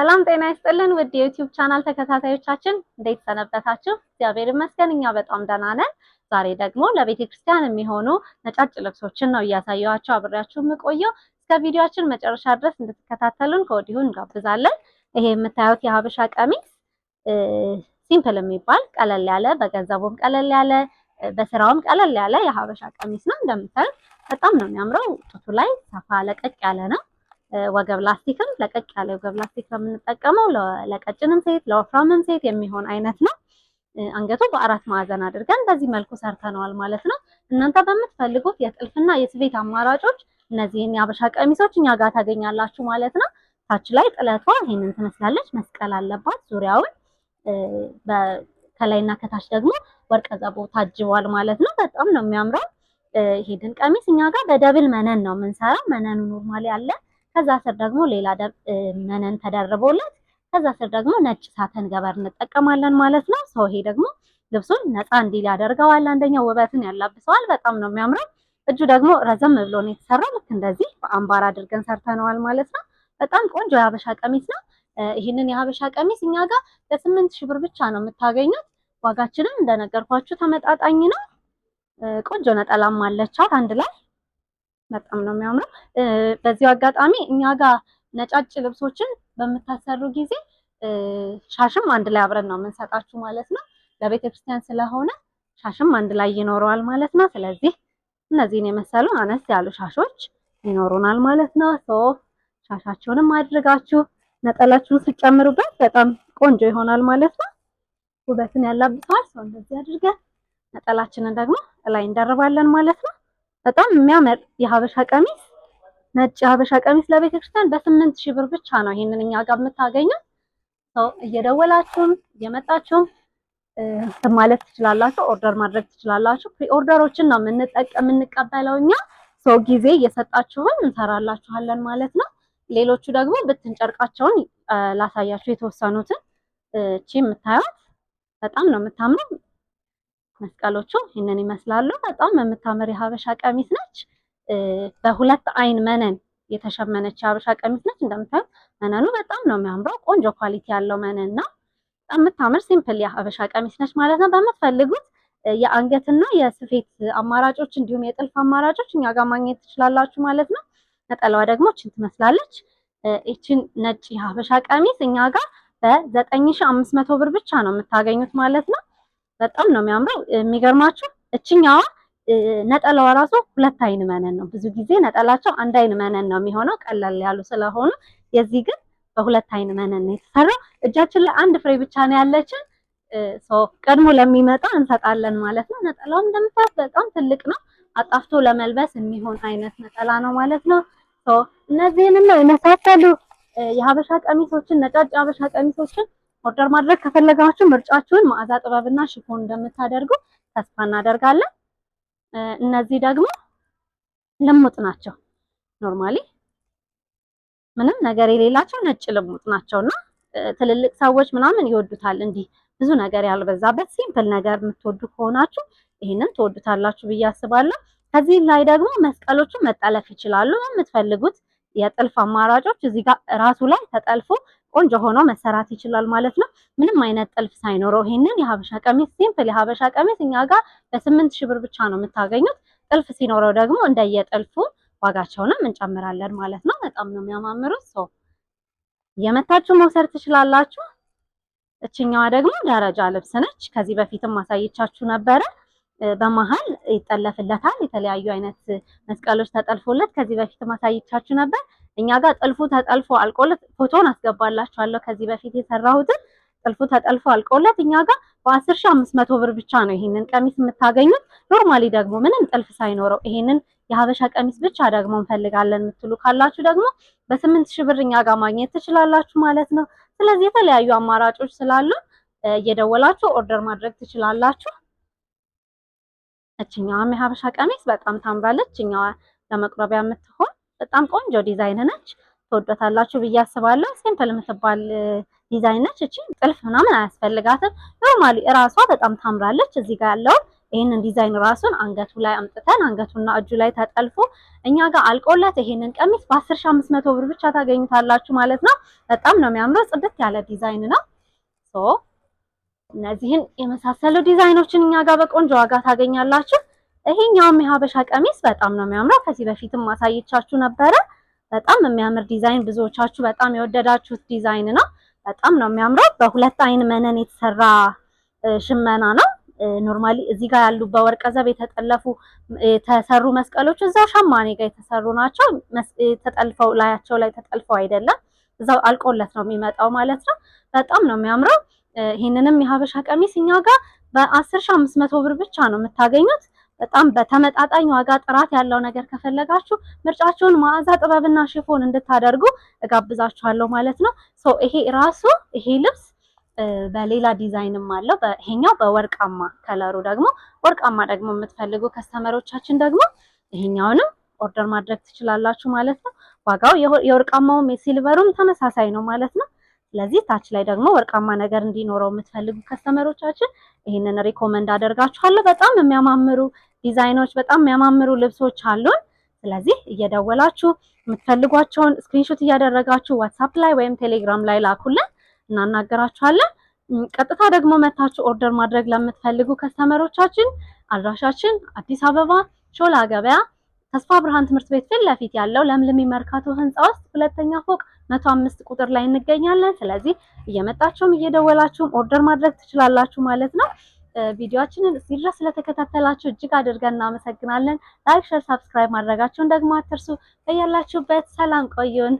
ሰላም ጤና ይስጥልን ውድ የዩቲዩብ ቻናል ተከታታዮቻችን እንዴት ሰነበታችሁ? እግዚአብሔር ይመስገን እኛ በጣም ደህና ነን። ዛሬ ደግሞ ለቤተ ክርስቲያን የሚሆኑ ነጫጭ ልብሶችን ነው እያሳየኋቸው አብሬያችሁ የምቆየው። እስከ ቪዲዮአችን መጨረሻ ድረስ እንድትከታተሉን ከወዲሁ እንጋብዛለን። ይሄ የምታዩት የሀበሻ ቀሚስ ሲምፕል የሚባል ቀለል ያለ በገንዘቡም ቀለል ያለ በስራውም ቀለል ያለ የሀበሻ ቀሚስ ነው። እንደምታዩት በጣም ነው የሚያምረው። ጡቱ ላይ ሰፋ ለቀቅ ያለ ነው። ወገብ ላስቲክም ለቀቅ ያለ ወገብ ላስቲክ በምንጠቀመው ለቀጭንም ሴት ለወፍራምም ሴት የሚሆን አይነት ነው። አንገቱ በአራት ማዕዘን አድርገን በዚህ መልኩ ሰርተነዋል ማለት ነው። እናንተ በምትፈልጉት የጥልፍና የስፌት አማራጮች እነዚህን የአበሻ ቀሚሶች እኛ ጋር ታገኛላችሁ ማለት ነው። ታች ላይ ጥለቷ ይህንን ትመስላለች። መስቀል አለባት ዙሪያውን ከላይና ከታች ደግሞ ወርቀ ዘቦ ታጅቧል ማለት ነው። በጣም ነው የሚያምረው። ይሄንን ቀሚስ እኛ ጋር በደብል መነን ነው የምንሰራ። መነኑ ኖርማል ያለ ከዛ ስር ደግሞ ሌላ መነን ተደርቦለት ከዛ ስር ደግሞ ነጭ ሳተን ገበር እንጠቀማለን ማለት ነው። ሰው ይሄ ደግሞ ልብሱን ነፃ እንዲል ያደርገዋል። አንደኛው ውበትን ያላብሰዋል። በጣም ነው የሚያምረው። እጁ ደግሞ ረዘም ብሎ ነው የተሰራው። ልክ እንደዚህ በአምባር አድርገን ሰርተነዋል ማለት ነው። በጣም ቆንጆ የሀበሻ ቀሚስ ነው። ይህንን የሀበሻ ቀሚስ እኛ ጋር ለስምንት ሺህ ብር ብቻ ነው የምታገኙት። ዋጋችንም እንደነገርኳችሁ ተመጣጣኝ ነው። ቆንጆ ነጠላም አለቻት አንድ ላይ በጣም ነው የሚያምረው። በዚሁ አጋጣሚ እኛ ጋር ነጫጭ ልብሶችን በምታሰሩ ጊዜ ሻሽም አንድ ላይ አብረን ነው የምንሰጣችሁ ማለት ነው። ለቤተክርስቲያን ስለሆነ ሻሽም አንድ ላይ ይኖረዋል ማለት ነው። ስለዚህ እነዚህን የመሰሉ አነስ ያሉ ሻሾች ይኖሩናል ማለት ነው። ሶ ሻሻችሁንም አድርጋችሁ ነጠላችሁን ስጨምሩበት በጣም ቆንጆ ይሆናል ማለት ነው። ውበትን ያላብሰዋል። ሰው እንደዚህ አድርገን ነጠላችንን ደግሞ ላይ እንደርባለን ማለት ነው። በጣም የሚያምር የሀበሻ ቀሚስ ነጭ የሀበሻ ቀሚስ ለቤተክርስቲያን በስምንት ሺህ ብር ብቻ ነው። ይሄንን እኛ ጋር የምታገኘው ሰው እየደወላችሁም እየመጣችሁም ማለት ትችላላችሁ። ኦርደር ማድረግ ትችላላችሁ። ፕሪ ኦርደሮችን ነው የምንጠቀም የምንቀበለው እኛ ሰው ጊዜ እየሰጣችሁን እንሰራላችኋለን ማለት ነው። ሌሎቹ ደግሞ ብትንጨርቃቸውን ላሳያችሁ የተወሰኑትን እቺ የምታዩት በጣም ነው የምታምረው። መስቀሎቹ ይህንን ይመስላሉ። በጣም የምታምር የሀበሻ ቀሚስ ነች። በሁለት አይን መነን የተሸመነች የሀበሻ ቀሚስ ነች። እንደምታዩት መነኑ በጣም ነው የሚያምረው። ቆንጆ ኳሊቲ ያለው መነን ነው። በጣም የምታምር ሲምፕል የሀበሻ ቀሚስ ነች ማለት ነው። በምትፈልጉት የአንገትና የስፌት አማራጮች እንዲሁም የጥልፍ አማራጮች እኛ ጋር ማግኘት ትችላላችሁ ማለት ነው። ነጠላዋ ደግሞ ችን ትመስላለች። ይችን ነጭ የሀበሻ ቀሚስ እኛ ጋር በዘጠኝ ሺህ አምስት መቶ ብር ብቻ ነው የምታገኙት ማለት ነው። በጣም ነው የሚያምረው። የሚገርማችሁ እችኛዋ ነጠላዋ ራሱ ሁለት አይን መነን ነው። ብዙ ጊዜ ነጠላቸው አንድ አይን መነን ነው የሚሆነው ቀለል ያሉ ስለሆኑ፣ የዚህ ግን በሁለት አይን መነን ነው የተሰራው። እጃችን ላይ አንድ ፍሬ ብቻ ነው ያለችን። ቀድሞ ለሚመጣ እንሰጣለን ማለት ነው። ነጠላውም እንደምታዩት በጣም ትልቅ ነው። አጣፍቶ ለመልበስ የሚሆን አይነት ነጠላ ነው ማለት ነው። እነዚህንም ነው የመሳሰሉ የሀበሻ ቀሚሶችን ነጫጭ የሀበሻ ቀሚሶችን ኦርደር ማድረግ ከፈለጋችሁ ምርጫችሁን መዓዛ ጥበብና ሽፎን እንደምታደርጉ ተስፋ እናደርጋለን። እነዚህ ደግሞ ልሙጥ ናቸው። ኖርማሊ ምንም ነገር የሌላቸው ነጭ ልሙጥ ናቸውና ትልልቅ ሰዎች ምናምን ይወዱታል። እንዲህ ብዙ ነገር ያልበዛበት ሲምፕል ነገር የምትወዱ ከሆናችሁ ይህንን ትወዱታላችሁ ብዬ አስባለሁ። ከዚህ ላይ ደግሞ መስቀሎቹ መጠለፍ ይችላሉ የምትፈልጉት የጥልፍ አማራጮች እዚህ ጋር ራሱ ላይ ተጠልፎ ቆንጆ ሆኖ መሰራት ይችላል ማለት ነው። ምንም አይነት ጥልፍ ሳይኖረው ይሄንን የሀበሻ ቀሚስ ሲምፕል የሀበሻ ቀሚስ እኛ ጋር በስምንት ሺህ ብር ብቻ ነው የምታገኙት። ጥልፍ ሲኖረው ደግሞ እንደየጥልፉ ዋጋቸውንም እንጨምራለን ማለት ነው። በጣም ነው የሚያማምሩት። ሰው እየመታችሁ መውሰድ ትችላላችሁ። እችኛዋ ደግሞ ደረጃ ልብስ ነች። ከዚህ በፊትም ማሳየቻችሁ ነበረ። በመሀል ይጠለፍለታል። የተለያዩ አይነት መስቀሎች ተጠልፎለት ከዚህ በፊት ማሳይቻችሁ ነበር። እኛ ጋር ጥልፉ ተጠልፎ አልቆለት ፎቶን አስገባላችኋለሁ። ከዚህ በፊት የሰራሁትን ጥልፉ ተጠልፎ አልቆለት እኛ ጋር በአስር ሺህ አምስት መቶ ብር ብቻ ነው ይሄንን ቀሚስ የምታገኙት። ኖርማሊ ደግሞ ምንም ጥልፍ ሳይኖረው ይሄንን የሀበሻ ቀሚስ ብቻ ደግሞ እንፈልጋለን የምትሉ ካላችሁ ደግሞ በስምንት ሺህ ብር እኛ ጋር ማግኘት ትችላላችሁ ማለት ነው። ስለዚህ የተለያዩ አማራጮች ስላሉ እየደወላችሁ ኦርደር ማድረግ ትችላላችሁ። እችኛዋም የሀበሻ ቀሚስ በጣም ታምራለች። እችኛዋ ለመቁረቢያ የምትሆን በጣም ቆንጆ ዲዛይን ነች። ትወዷታላችሁ ብዬ አስባለሁ። ሲምፕል የምትባል ዲዛይን ነች። እቺ ጥልፍ ምናምን አያስፈልጋትም። ኖርማሊ እራሷ በጣም ታምራለች። እዚህ ጋር ያለውን ይህንን ዲዛይን ራሱን አንገቱ ላይ አምጥተን አንገቱና እጁ ላይ ተጠልፎ እኛ ጋር አልቆለት ይሄንን ቀሚስ በአስር ሺ አምስት መቶ ብር ብቻ ታገኙታላችሁ ማለት ነው። በጣም ነው የሚያምረው። ጽድት ያለ ዲዛይን ነው። እነዚህን የመሳሰሉ ዲዛይኖችን እኛ ጋር በቆንጆ ዋጋ ታገኛላችሁ። ይሄኛውም የሀበሻ ቀሚስ በጣም ነው የሚያምረው። ከዚህ በፊትም ማሳየቻችሁ ነበረ። በጣም የሚያምር ዲዛይን፣ ብዙዎቻችሁ በጣም የወደዳችሁት ዲዛይን ነው። በጣም ነው የሚያምረው። በሁለት አይን መነን የተሰራ ሽመና ነው። ኖርማሊ እዚህ ጋር ያሉ በወርቀ ዘብ የተጠለፉ የተሰሩ መስቀሎች እዛው ሸማኔ ጋር የተሰሩ ናቸው። ተጠልፈው ላያቸው ላይ ተጠልፈው አይደለም እዛው አልቆለት ነው የሚመጣው ማለት ነው። በጣም ነው የሚያምረው። ይህንንም የሀበሻ ቀሚስ እኛ ጋር በአስር ሺ አምስት መቶ ብር ብቻ ነው የምታገኙት። በጣም በተመጣጣኝ ዋጋ ጥራት ያለው ነገር ከፈለጋችሁ ምርጫችሁን መዓዛ ጥበብና ሽፎን እንድታደርጉ እጋብዛችኋለሁ ማለት ነው። ሶ ይሄ ራሱ ይሄ ልብስ በሌላ ዲዛይንም አለው። ይሄኛው በወርቃማ ከለሩ ደግሞ ወርቃማ ደግሞ የምትፈልጉ ከስተመሮቻችን ደግሞ ይሄኛውንም ኦርደር ማድረግ ትችላላችሁ ማለት ነው። ዋጋው የወርቃማውም የሲልቨሩም ተመሳሳይ ነው ማለት ነው። ስለዚህ ታች ላይ ደግሞ ወርቃማ ነገር እንዲኖረው የምትፈልጉ ከስተመሮቻችን ይህንን ሪኮመንድ አደርጋችኋለሁ። በጣም የሚያማምሩ ዲዛይኖች፣ በጣም የሚያማምሩ ልብሶች አሉን። ስለዚህ እየደወላችሁ የምትፈልጓቸውን ስክሪንሾት እያደረጋችሁ ዋትሳፕ ላይ ወይም ቴሌግራም ላይ ላኩልን፣ እናናገራችኋለን። ቀጥታ ደግሞ መታችሁ ኦርደር ማድረግ ለምትፈልጉ ከስተመሮቻችን አድራሻችን አዲስ አበባ ሾላ ገበያ ተስፋ ብርሃን ትምህርት ቤት ፊት ለፊት ያለው ለምልሚ መርካቶ ህንፃ ውስጥ ሁለተኛ ፎቅ መቶ አምስት ቁጥር ላይ እንገኛለን። ስለዚህ እየመጣችሁም እየደወላችሁም ኦርደር ማድረግ ትችላላችሁ ማለት ነው። ቪዲዮአችንን እዚህ ድረስ ስለተከታተላችሁ እጅግ አድርገን እናመሰግናለን። ላይክ፣ ሼር፣ ሳብስክራይብ ማድረጋችሁን ደግሞ አትርሱ። በያላችሁበት ሰላም ቆዩን።